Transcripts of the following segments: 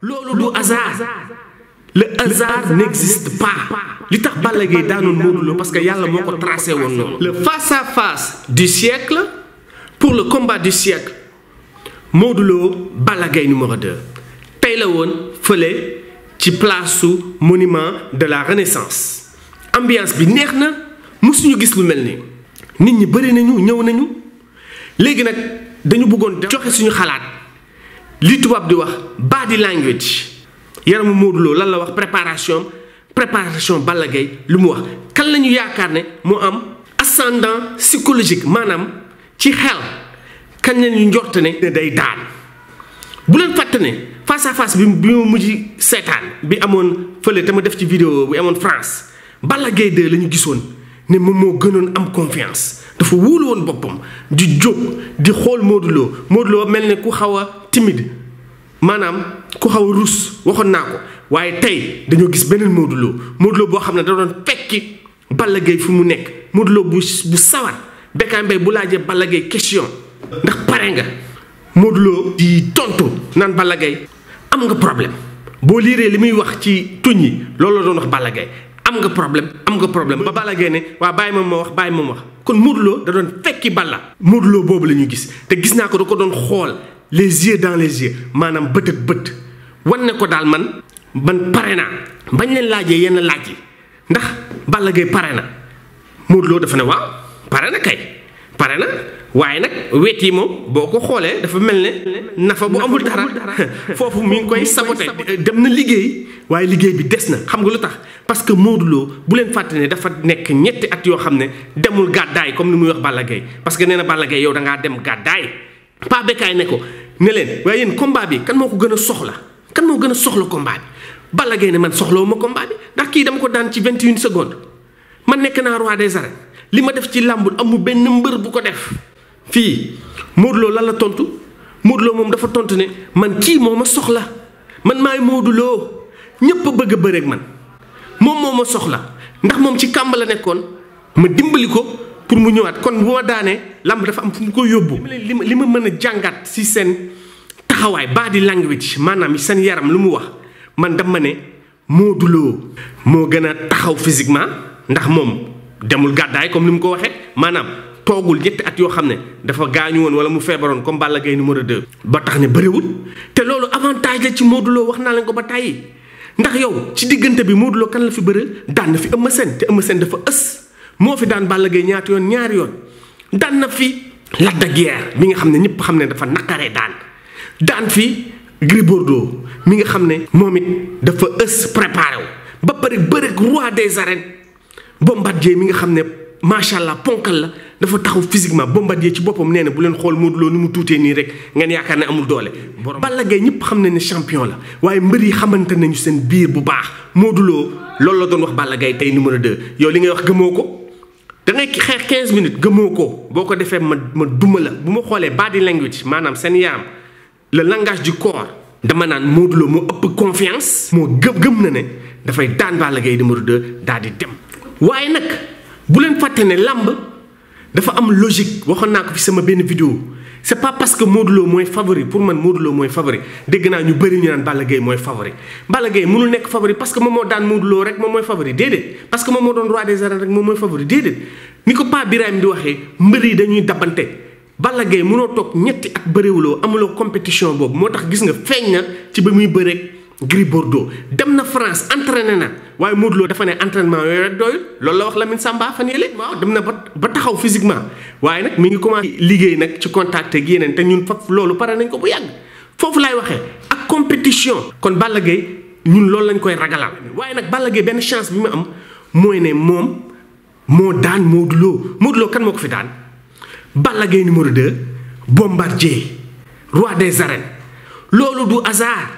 hasard le hasard n'existe pas Le n'y a pas parce que a le tracé le face à face du siècle pour le combat du siècle Modulo Balagay numéro 2 place au monument de la renaissance ambiance bi nous musuñu les lu Nous nit ñi nañu ñëw nañu les dañu sommes joxe li tubaab di wax body language yaramu Modou Lo lan la wax préparation préparation Balla Gaye lu mu wax kan lañu ñu yaakaar ne mu am ascendant psychologique manam ci xel kan lañu njortane njort ne day daan bu len fàtte ne face à face bi bi mu mujj seetaan bi amone fële te def ci vidéo bi amone France Balla Gaye 2 la ñu gisoon ne mo moo gënoon am confiance dafa wul won bopam di jóg di xol Modou Lo melne ku xawa timide manam, ku xaw a rus waxoon naa ko waaye tey dañoo gis beneen Modou Lo Modou Lo boo xam ne da doon fekki Balla Gaye fu mu nekk Modou bu bu sawar Bécaye Mbaye bu laajee Balla question ndax nga di tonto, naan Balla am nga problème boo liiree li wax ci tuñ yi doon wax am nga problème am nga problème ba Balla ne waa bàyyi ma wax bàyyi ma wax kon Modou Lo da doon fekki Balla Modou Lo boobu gis te gis da ko doon les yeux dans les yeux maanaam bët ak bët wan ne ko daal man man pare naa bañ leen laajee yenn laaj yi ndax Balla pare na Modou Lo dafa ne pare na kay pare na waaye nag weet yi moom boo ko xoolee dafa mel ne nafa bu amul dara foofu mi ngi koy saboté dem na liggéey waaye liggéey bi des na xam nga lu tax parce que Modou Lo bu leen fàtte ne dafa nekk ñetti at yoo xam ne demul gàddaay comme ni muy wax Balla Gaye parce que nee na Balla yow da ngaa dem gàddaay Paa Bécaye ne ko ne leen waaye yéen combat bi kan moo ko gën a soxla kan moo gën a soxla combat bi bala Gaye ne man soxlawuma combat bi ndax kii dama ko daan ci vingt une secondes man nekk naa roi des arènes li ma def ci làmbul amul benn mbër bu ko def. fii Modou Lo lan la tontu Modou moom dafa tontu ne man kii moo ma soxla man maay Modou Lo ñëpp a bëgg a bëreeg man moom moo ma soxla ndax moom ci kàmb la nekkoon ma dimbali ko. pour mu ñëwaat kon bu ma daanee lamb dafa am fu mu ko yóbbu li ma mën a jàngat si seen taxawaay body language maanaam seen yaram lu mu wax man dama ne Modou Lo moo gën a taxaw physiquement ndax moom demul gàddaay comme ni mu ko waxee maanaam toogul ñetti at yoo xam ne dafa gaañu woon wala mu feebaroon comme Balla Gaye numéro 2 ba tax ne bëriwul te loolu avantage la ci Modou wax naa leen ko ba tàyyi ndax yow ci diggante bi Modou Lo kan la fi bëre daan na fi Eumeu Sène te Eumeu Sène dafa ës moo fi daan Balla Gaye ñaati yoon ñaari yoon daan na fi Lac de Guiers mi nga xam ne ñëpp xam ne dafa naqaree daan daan fi Gris Bordeaux mi nga xam ne moom it dafa ës préparé wu ba pare bëreeg roi des arènes Bombardier mi nga xam ne macha allah ponkal la dafa taxaw physiquement Bombardier ci boppam nee na bu leen xool Modou Lo ni mu tuutee nii rek ngeen yaakaar ne amul doole. borom Balla Gaye ñëpp xam ne ne champion la waaye mbër yi xamante nañu seen biir bu baax Modou Lo loolu la doon wax Balla Gaye tey numéro 2 yow li ngay wax gëmoo ko. 15 minutes je suis vous ma vous la body language le langage du corps je vais Modou confiance. je suis venu na ne dafay daan Balla Gaye numéro 2 daal di dem vais nag bu leen une ne logique vais fi vidéo. c'est pas parce que Modou moy favori pour man Modou moy favori dégg naa ñu bëri ñu naan Balla moy favori Balla Gaye mënul favori parce que moom moo daan Modou rek moom mooy favori déedéet parce que moom moo doon roi des arènes rek moom mooy favori déedéet ni ko Pa Birahim di waxee mbër yi dañuy dabante Balla Gaye mënoo toog ñetti at bëriwuloo amuloo compétition boobu moo gis nga feeñ na ci ba muy Gris Bordeaux dem na France entraîné na waaye Modou Lo dafa ne entraînement yooyu rek loolu la wax Lamine Samba fan yële waaw dem na ba ba taxaw physiquement waaye nag mi ngi commencé liggéey nag ci contact ak yeneen te ñun foofu loolu pare nañ ko bu yàgg foofu laay waxee ak compétition. kon Balla Gaye ñun loolu lañ koy ragalal waaye nag Balla Gaye benn chance bi mu am mooy ne moom moo daan Modou Lo Modou Lo kan moo ko fi daan Balla Gaye numéro 2 Bombardier roi des arènes loolu du hasard.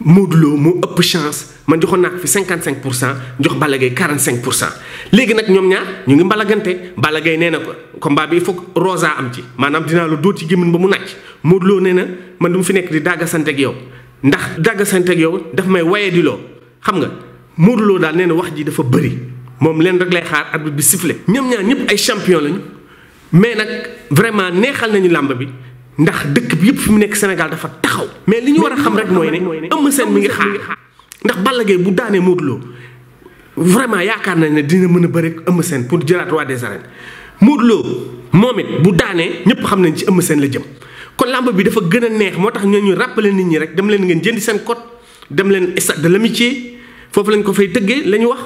Modou mu ëpp chance ma joxoon naa ko fi 55 pour cent jox Balla Gaye cinq pour cent léegi nag ñoom ñaar ñu ngi bala Balla Gaye nee na ko combat bi il faut rosa am ci maanaam dinaa la dóor ci gémmiñ ba mu nàcc Modou Lo nee na man du mu fi nekk di dàggasante ak yow ndax dàggasante ak yow daf may waye di loo xam nga Modou daal nee na wax ji dafa bëri moom leen rek lay xaar arbitre bi sifflé ñoom ñaar ñëpp ay champion lañu mais nag vraiment neexal nañu làmb bi ndax dëkk bi yëpp fi mu nekk Sénégal dafa taxaw mais li ñu war a xam rek mooy ne Eumeu seen mu ngi xaar ndax Balla Gaye bu daanee Modou vraiment yaakaar nañ ne dina mën a bëre ak seen pour jëlaat roi des arènes Modou Lo moom it bu daanee ñëpp xam nañ ci Eumeu seen la jëm kon làmb bi dafa gën a neex moo tax ñoo ñu rappeler nit ñi rek dem leen ngeen jënd seen code dem leen stade de ci foofu lañ ko fay tëggee la ñu wax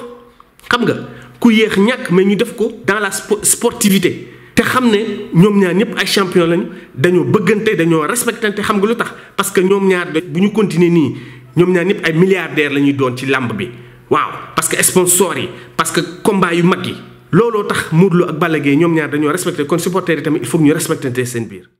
xam nga ku yéex ñàkk mais ñu def ko dans la sportivité xam ne ñoom ñaar ñëpp ay champion lañu dañoo bëggante dañoo respectante xam nga lu tax parce que ñoom ñaar bu ñu continuer nii ñoom ñaar ñëpp ay milliardaires la ñuy doon ci làmb bi waaw parce que sponsor yi parce que combat yu mag yi looloo tax Modou Lo ak Balla Gaye ñoom ñaar dañoo respecté kon supporters yi tamit il faut ñu respectante seen biir